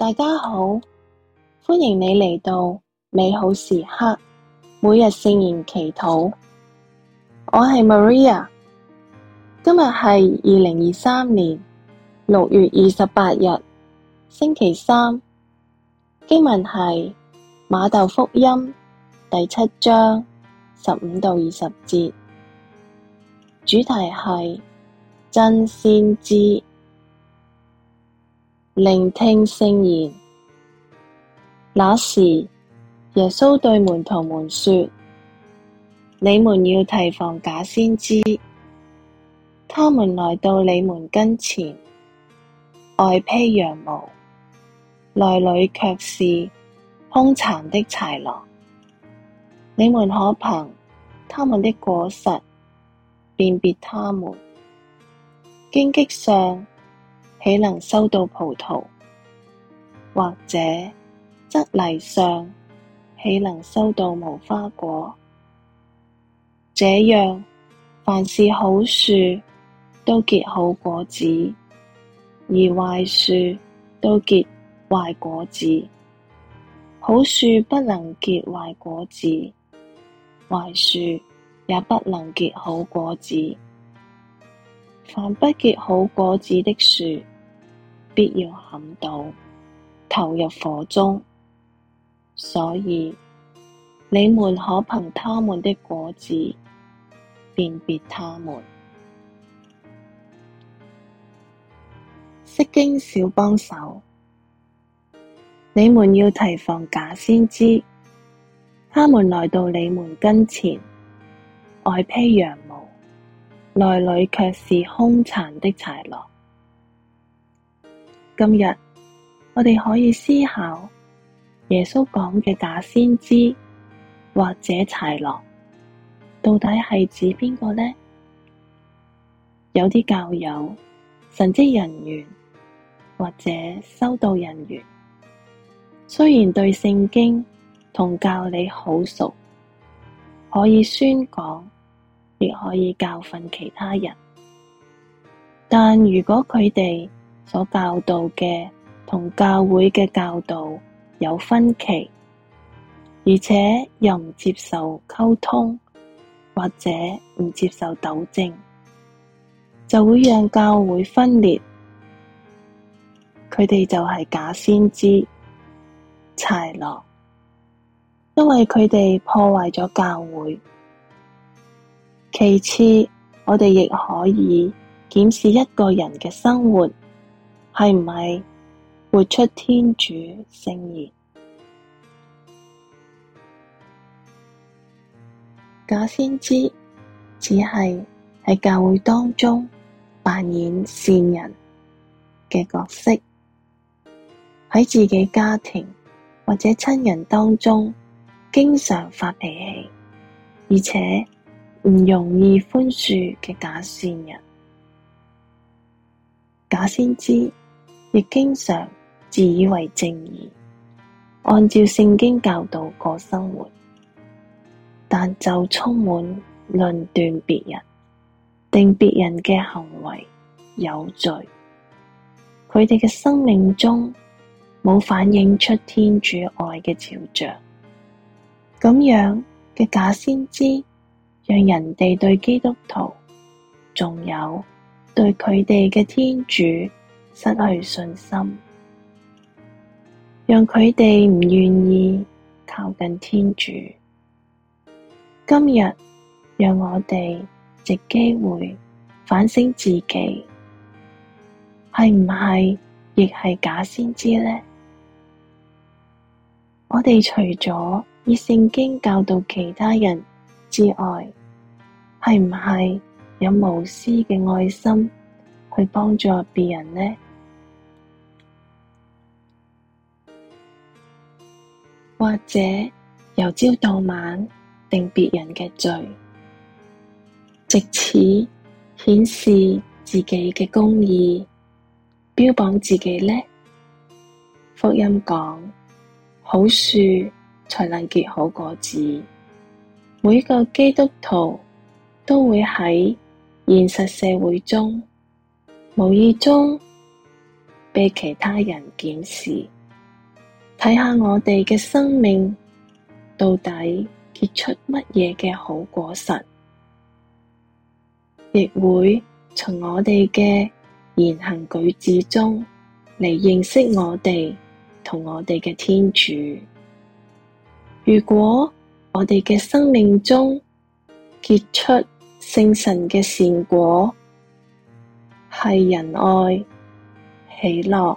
大家好，歡迎你嚟到美好時刻，每日聖言祈禱。我係 Maria，今日係二零二三年六月二十八日，星期三。經文係馬竇福音第七章十五到二十節，主題係真先知。聆聽聖言。那時，耶穌對門徒們說：你們要提防假先知！他們來到你們跟前，外披羊毛，內裏卻是兇殘的豺狼。你們可憑他們的果實辨別他們。荊棘上，豈能收到葡萄？或者蒺藜上，豈能收到無花果？這樣，凡是好樹都結好果子，而壞樹都結壞果子。好樹不能結壞果子，壞樹也不能結好果子。凡不結好果子的樹，必要砍倒，投入火中。所以你們可憑他們的果子辨別他們。釋經小幫手，你們要提防假先知。他們來到你們跟前，外披羊毛，內裏却是兇殘的豺狼。今日我哋可以思考耶穌講嘅假先知或者豺狼到底係指邊個呢？有啲教友、神職人員或者修道人員，雖然對聖經同教理好熟，可以宣講亦可以教訓其他人，但如果佢哋，所教導嘅同教會嘅教導有分歧，而且又唔接受溝通，或者唔接受糾正，就會讓教會分裂。佢哋就係假先知、豺狼，因為佢哋破壞咗教會。其次，我哋亦可以檢視一個人嘅生活。係唔係活出天主聖言？假先知只係喺教會當中扮演善人嘅角色，喺自己家庭或者親人當中經常發脾氣，而且唔容易寬恕嘅假善人，假先知。亦經常自以為正義，按照聖經教導過生活，但就充滿論斷別人，定別人嘅行為有罪。佢哋嘅生命中冇反映出天主愛嘅肖像，咁樣嘅假先知，讓人哋對基督徒，仲有對佢哋嘅天主。失去信心，讓佢哋唔願意靠近天主。今日讓我哋藉機會反省自己，係唔係亦係假先知呢？我哋除咗以聖經教導其他人之外，係唔係有無私嘅愛心去幫助別人呢？或者由朝到晚定別人嘅罪，藉此顯示自己嘅公義，標榜自己叻。福音講，好樹才能結好果子。每個基督徒都會喺現實社會中，無意中被其他人檢視。睇下我哋嘅生命到底結出乜嘢嘅好果實，亦會從我哋嘅言行舉止中嚟認識我哋同我哋嘅天主。如果我哋嘅生命中結出聖神嘅善果，係仁愛、喜樂、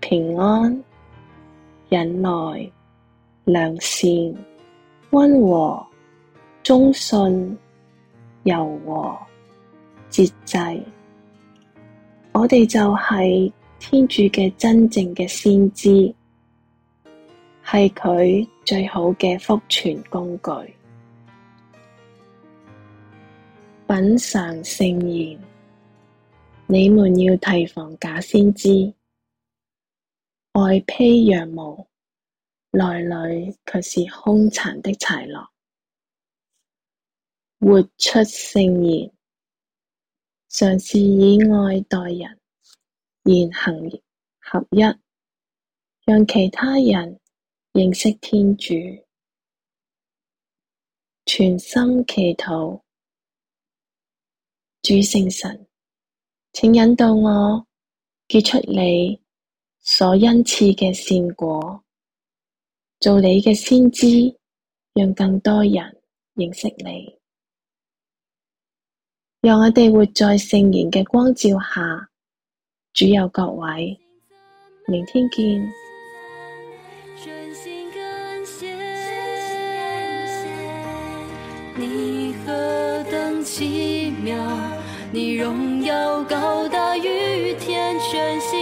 平安。忍耐、良善、溫和、忠信、柔和、節制，我哋就係天主嘅真正嘅先知，係佢最好嘅福傳工具。品嚐聖言，你們要提防假先知。外披羊毛，內裏卻是兇殘的豺狼。活出聖言，嘗試以愛待人，言行合一，讓其他人認識天主。全心祈禱，主聖神，請引導我，結出你。所恩賜嘅善果，做你嘅先知，讓更多人認識你，讓我哋活在聖言嘅光照下。主佑各位，明天見。